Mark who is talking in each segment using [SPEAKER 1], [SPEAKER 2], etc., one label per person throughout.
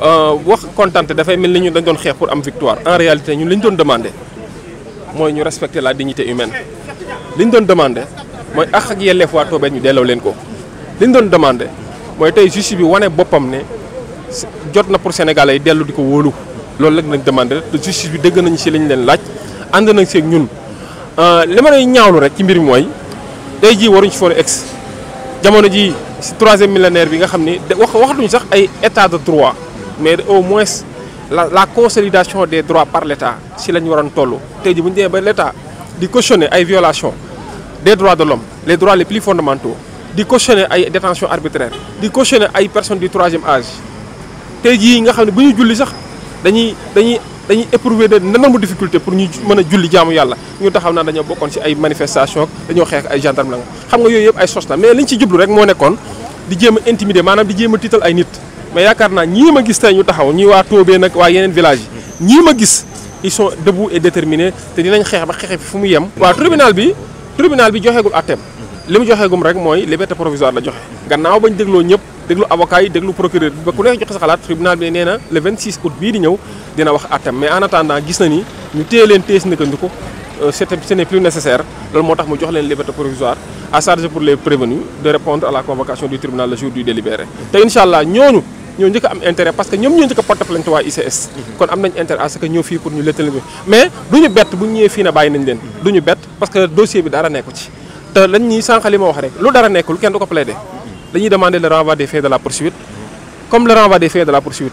[SPEAKER 1] Euh, wax kontante dafay mel ni ñun dañ doon xeex pour am victoire en réalité ñun li ñu doon demandé mooy ñu respecter la dignité humaine li ñu doon demandé mooy àq ak yelleef waa Toobé ñu delloo leen ko li ñu doon demandé mooy tey justice bi wane boppam ne jot na pour sénégalais yi dellu di ko wóolu loolu rek lañ demandé te justice bi dégg nañu si liñ leen laaj ànd nañ seeg ñun euh, li ma lay ñaawlu rek ci mbir mi mooy tey jii waruñ ci foon ex jamono ji si troisième millénaire bi nga xam ni wax waxatuñ sax ay état de droit mais au moins la la consolidation des droits par l'État, si la ñu waroon toll tey ji bu ba di cautionner ay violations des droits de l'homme les droits les plus fondamentaux di cautionner ay détention arbitraire di cautionner ay personnes du troisième âge tey jii nga xam ne julli sax dañuy dañuy dañuy de nombreuses difficultés pour nous mën a julli jaamu yàlla ñu taxaw ci ay manifestations ak dañoo xeex ay gendarmes. la nga xam nga yooyu ay mais liñ ci jublu rek moo nekkoon di jéem intimider manam di jéem ay mais yaakaar naa ñii ma gis tey ñu taxaw ñi wa Toobé nak wa yenen village yi ma gis ils sont debout et déterminés té dinañ xex ba xexé fi fu mu yem wa tribunal bi tribunal bi joxégul àtteem limu joxégum rek moy liberté provisoire la joxé gannaaw bañ dégloo ñëpp déglu avocat yi déglu procureur bi ba ku nekk joxé sa xalaat tribunal bi nee le 26 août bi di ñëw dina wax àtteem mais en attendant gis na ni ñu téye leen téye si nëkkandiku euh, ce n'est plus nécessaire loolu motax mu jox liberté provisoire à charge pour les prévenus de répondre à la convocation du tribunal le jour du délibéré té inshallah allah ñooñu ñoo njëkk a am intérêt parce que ñoom ñoo njëkk a porté plainte waa ICS kon am nañ intérêt à ce que ñëw fii pour ñu lëttale mais du ñu bett bu ñu fii na bàyyi nañ leen du ñu bett parce que dossier bi dara nekku ci te lañ ñuy wax rek lu dara nekkul kenn du ko plaidé dañuy demander le renvoi des faits de la poursuite comme le renvoi des faits de la poursuite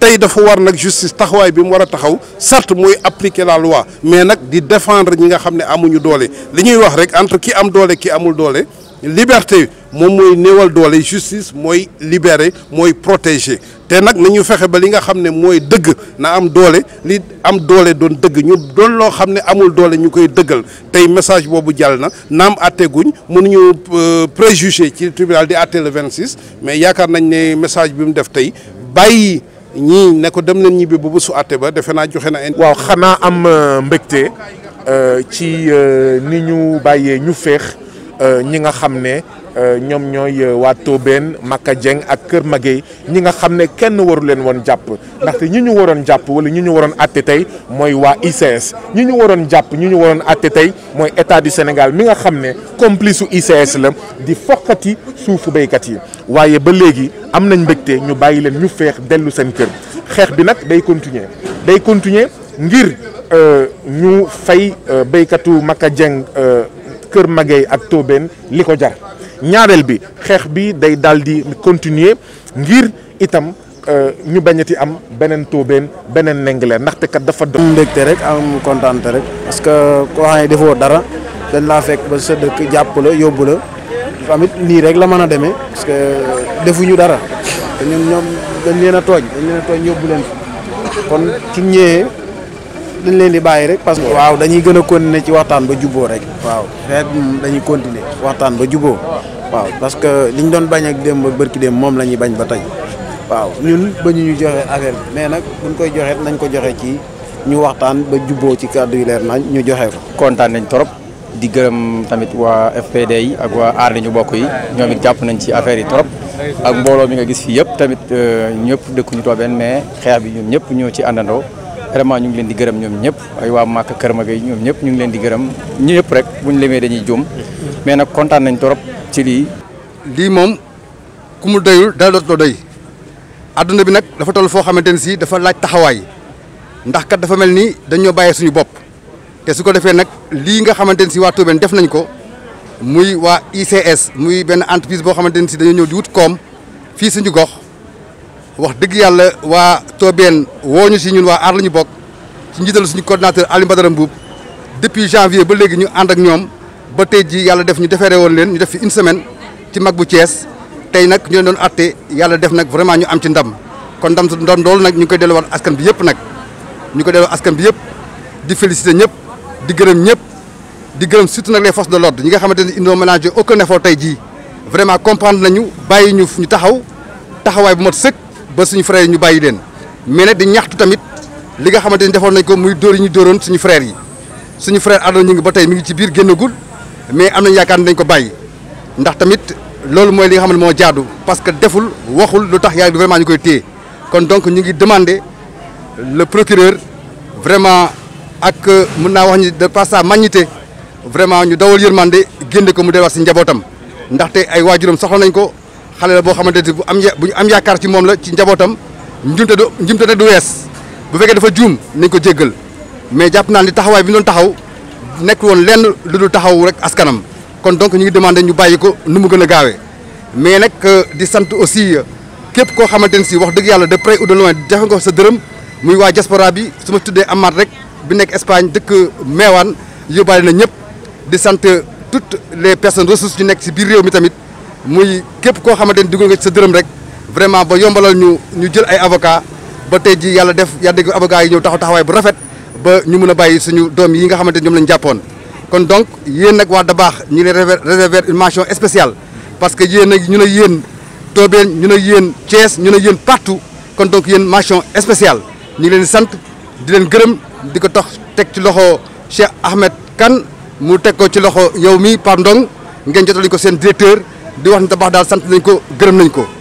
[SPEAKER 2] tey dafa war nag justice taxawaay bi mu war taxaw certes mooy appliquer la loi mais nak di défendre ñi nga xam ne amuñu doole li ñuy wax rek entre ki am doole ki amul doole liberté moom mooy néewal doole justice mooy libérer mooy protéger te nak nañu fexe ba li nga xam ne mooy dëgg na am doole li am doole doon dëgg ñu doon lo xam ne amul doole ñu koy dëggal tey message bobu jallna nam naam àtte guñ mënuñu euh, préjugé ci tribunal di àtte le 26 mais yaakar nañ né message bi mu def tay bàyyi. ñii nekko dem nañ ñibbi bu bu su àtte ba defe naa joxe na. waaw xanaa am euh, mbégte euh, ci euh, ni ñu bàyyee ñu feex. Euh, ñi nga xam ne euh, ñoom ñooy euh, waa Tobène makka Dieng ak Kër Maguey ñi nga xam ne kenn waru leen woon jàpp ndaxte ñi ñu waroon jàpp wala ñi ñu waroon àtte tey mooy waa ICS ñi ñu waroon jàpp ñi ñu waroon àtte tey mooy état du Sénégal mi nga xam ne complice u ICS la di foqati suufu béykat yi waaye ba léegi am nañ mbégte ñu bàyyi leen ñu feex dellu seen kër xeex bi nag day continuer day continuer ngir ñu fay béykatu Maka Dieng Kër Maguey ak Tobène li ko jar ñaareel bi xeex bi day daal di continuer ngir itam euh, ñu bañati am beneen Tobène beneen Ndingler ndaxte kat dafa dox. am mbégte rek am kontaante rek parce que koo xam ne defoo dara dañ laa fekk ba sa dëkk jàpp la yóbbu la tamit nii rek la mën a demee parce que defuñu dara te ñun ñoom dañ leen a tooñ dañ leen a tooñ yóbbu leen kon suñ dañ leen di bàyyi rek parce que waaw dañuy gën a continuer ci waxtaan ba juboo rek waaw ret moom dañuy waxtaan ba juboo waaw parce que liñ doon bañ ak démb bërki démb moom la ñuy bañ ba tey waaw ñun ba ñu ñu joxe affaire bi mais nag buñ koy joxe nañ ko joxe ci ñu
[SPEAKER 1] waxtaan ba juboo ci kàddu yu leer nañ ñu joxe ko kontaan nañ trop di gërëm tamit waa FPD yi ak waa aar li ñu bokk yi ñoom jàpp nañ ci affaire yi trop ak mbooloo mi nga gis fii yëpp tamit euh, ñëpp dëkkuñu toobeen mais xeex bi ñun ñëpp ñoo ci àndandoo vraiment ñu ngi leen di gërëm
[SPEAKER 3] ñoom ñëpp ay waa Màkka Kër ma yi ñoom ñëpp ñu ngi leen di gërëm ñëpp rek bu ñu lemee dañuy juum mais nag kontaan nañ trop ci lii. lii moom ku mu doyul dara dootoo doy adduna bi nag dafa toll foo xamante ne si dafa laaj taxawaay ndax kat dafa mel ni dañoo bàyyee suñu bopp te su ko defee nag lii nga xamante ne si waa Tobène def nañ ko muy waa ICS muy benn entreprise boo xamante ne si dañoo ñëw diwut koom fii suñu gox. wax deug yalla wa Tobène woo ñu si ñun wa aar la ñu ci njiital suñu coordinateur Ali Badara Mbuub depuis janvier ba légui ñu and ak ñom ba tay ji yalla def ñu déféré won leen ñu def fi une semaine ci mag bu Thiès tay nak ñu leen doon atte yàlla def nak vraiment ñu am ci ndam kon ndam ndam loolu nak ñu ngi koy delluwaat askan bi yépp nak ñu koy delluwaat askan bi yépp di féliciter ñëpp di gërëm ñëpp di gërëm surtout nak les forces de l'ordre ñi nga xamanteni indo ménager aucun effort tay ji vraiment comprendre nañu bayyi ñu ñu taxaw taxaway bu mat seuk ba suñu frère ñu bayi leen mais nag di ñaxtu tamit li nga xamanteni ni nañ ko muy doori ñu dooron suñu frère yi suñu frère adon ñu ngi ba tey mi ngi ci biir gennagul mais am nañ dañ ko bayi ndax tamit lool moy li nga xamanteni mo jaadu parce que deful waxul lu tax vraiment ñukoy koy kon donc ñu ngi demander le procureur vraiment ak mën naa wax ni de passa magnité vraiment ñu dawal yermandé génne ko mu ci njabotam ndax té ay wajurum soxla nañ ko xale la boo xamante ne bu am bu ñu am yaakaar ci moom la ci njabootam njumte du njumte ne du wees bu fekkee dafa juum nañ ko jéggal mais jàpp naa ni taxawaay bi ñu doon taxaw nekk woon lenn lu dul taxaw rek askanam kon donc ñu ngi demandé ñu bàyyi ko nu mu gën a gaawee mais nag euh, di sant aussi euh, képp koo xamante ne si wax dëgg yàlla de près ou de loin jafe nga sa dërëm muy waa diaspora bi su ma tuddee Amath rek bi nekk Espagne dëkk Meewaan yóbbaale na ñëpp di sant euh, toutes les personnes ressources yu nekk si biir réew mi tamit muy képp koo xamante ni dugal nga sa gërëm rek vraiment ba yombalal ñu ñu jël ay avocat ba tey ji yàlla def yàlla dégg avocat yi ñëw taxaw taxawaay bu rafet ba ñu mun a bàyyi suñu doom yi nga xamante ni ñoom lañ jàppoon kon donc yéen nag waa baax ñu leen réserver une mention spéciale parce que yéen nag ñu ne yéen Tobène ñu ne yéen Thiès ñu ne yéen partout kon donc yéen mention spéciale ñu leen sant di leen gërëm di ko tax teg ci loxo Cheikh Ahmed Kane mu teg ko ci loxo yow mi Pape Ndong ngeen jotali ko seen directeur di wax ne tabax daal sant nañ ko gërëm nañ ko.